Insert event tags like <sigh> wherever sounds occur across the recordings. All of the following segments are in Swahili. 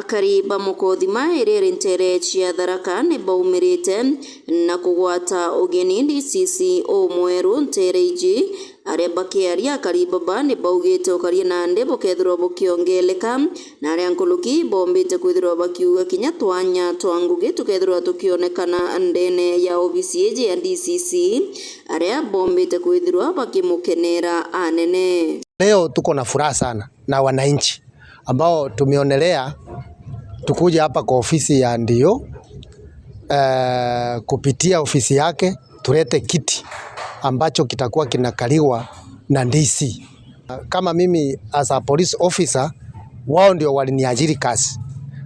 Akariimba Mũkũthima ĩrĩ rĩntere cia Tharaka nĩmaumĩrĩte na kũgwata ũgeni DCC mweru Ntere Iji arĩa bakĩaria Karĩmbaba ba ũkaria Nandi bũkethirwa bũkĩongeleka na arĩa Nkuluki bombite kwithirwa bakiuga kinya twanya twa Ngugi tũkethirwa tũkĩonekana ndene ya obisi eji ya DCC arĩa bombĩte kwithirwa bakĩmũkenera anene. Leo tuko na furaha sana na wananchi ambao tumeonelea tukuja hapa kwa ofisi ya ndio e, eh, kupitia ofisi yake tulete kiti ambacho kitakuwa kinakaliwa na DC. Kama mimi as a police officer, wao ndio waliniajiri kazi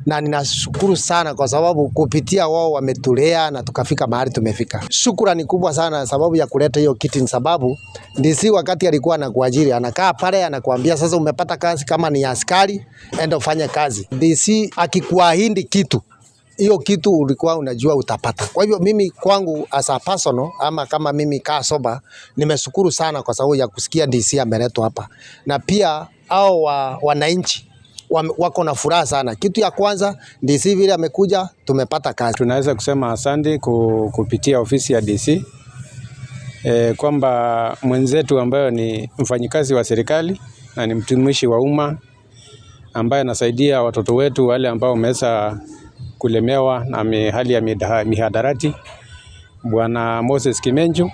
na ninashukuru sana kwa sababu kupitia wao wametulea na tukafika mahali tumefika. Shukrani kubwa sana sababu ya kuleta hiyo kiti, ni sababu DC wakati alikuwa anakuajiri anakaa pale anakuambia, sasa umepata kazi, kama ni askari enda ufanye kazi. DC akikuahidi kitu hiyo kitu ulikuwa unajua utapata. Kwa hivyo mimi kwangu as a personal, ama kama mimi kaa soba, nimeshukuru sana kwa sababu ya kusikia DC ameletwa hapa, na pia hao wa wananchi wako na furaha sana. Kitu ya kwanza DC vile amekuja, tumepata kazi. Tunaweza kusema asante kupitia ofisi ya DC e, kwamba mwenzetu ambayo ni mfanyikazi wa serikali na ni mtumishi wa umma ambaye anasaidia watoto wetu wale ambao wameweza kulemewa na hali ya mihadarati, Bwana Moses Kimenju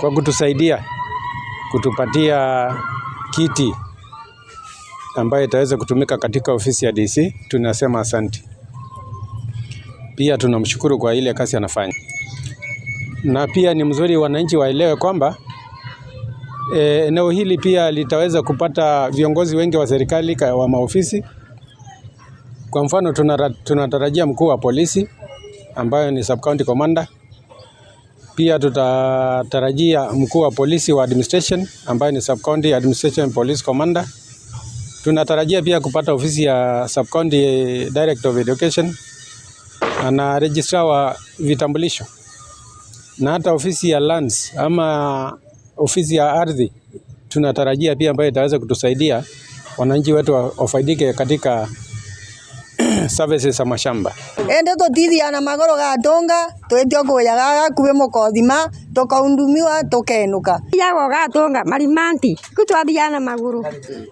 kwa kutusaidia kutupatia kiti ambayo itaweza kutumika katika ofisi ya DC, tunasema asante. Pia tunamshukuru kwa ile kazi anafanya, na pia ni mzuri wananchi waelewe kwamba e, eneo hili pia litaweza kupata viongozi wengi wa serikali wa maofisi. Kwa mfano, tunatarajia mkuu wa polisi ambayo ni sub county commander. Pia tutatarajia mkuu wa polisi wa administration ambayo ni sub county administration police commander. Tunatarajia pia kupata ofisi ya Sub-County Director of Education na registrar wa vitambulisho na hata ofisi ya lands ama ofisi ya ardhi tunatarajia pia ambayo itaweza kutusaidia wananchi wetu wafaidike katika services <coughs> ya mashamba ende tutithia na magoro ga tunga twitio kuyaga gakuwe mukothima tukaundumiwa tukenuka yago ga tunga marimanti kutwathia na maguru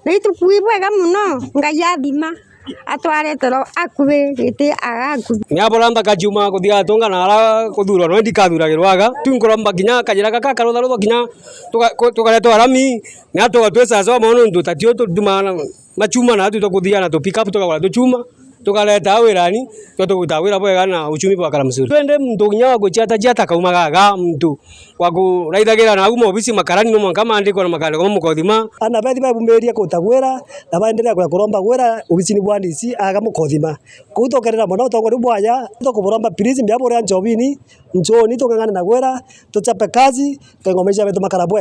na itukui bwega muno ngai athima atwarete ro akuwe gite agaku nyaboranda kajuma kuthiaga tunga na ara kuthurwa no ndikathuragirwaga tunkuromba nginya kajira gaka karutha rutha nginya tukaretwo arami natwa twe sasa wa mono ndu tatio tudumana machuma na tu tukuthia na tu pick up tukagora tu chuma tukaleta wirani twatukuta awira bwega na uchumi bwakala mzuri twende mtu kinyawa kuchata chata kauma gaga mtu wakuraithagira na umo ofisi makarani no mwanka maandiko na makale kwa mukothima ana bethi ba bumberia kutagwira na baendelea kwa kuromba gwira ofisi ni bwandi si aga mukothima kuto kerera mono to gweru bwaya to kuromba prison bya bora njobini njoni to na gwira tuchape kazi kengomesha betu makala bwega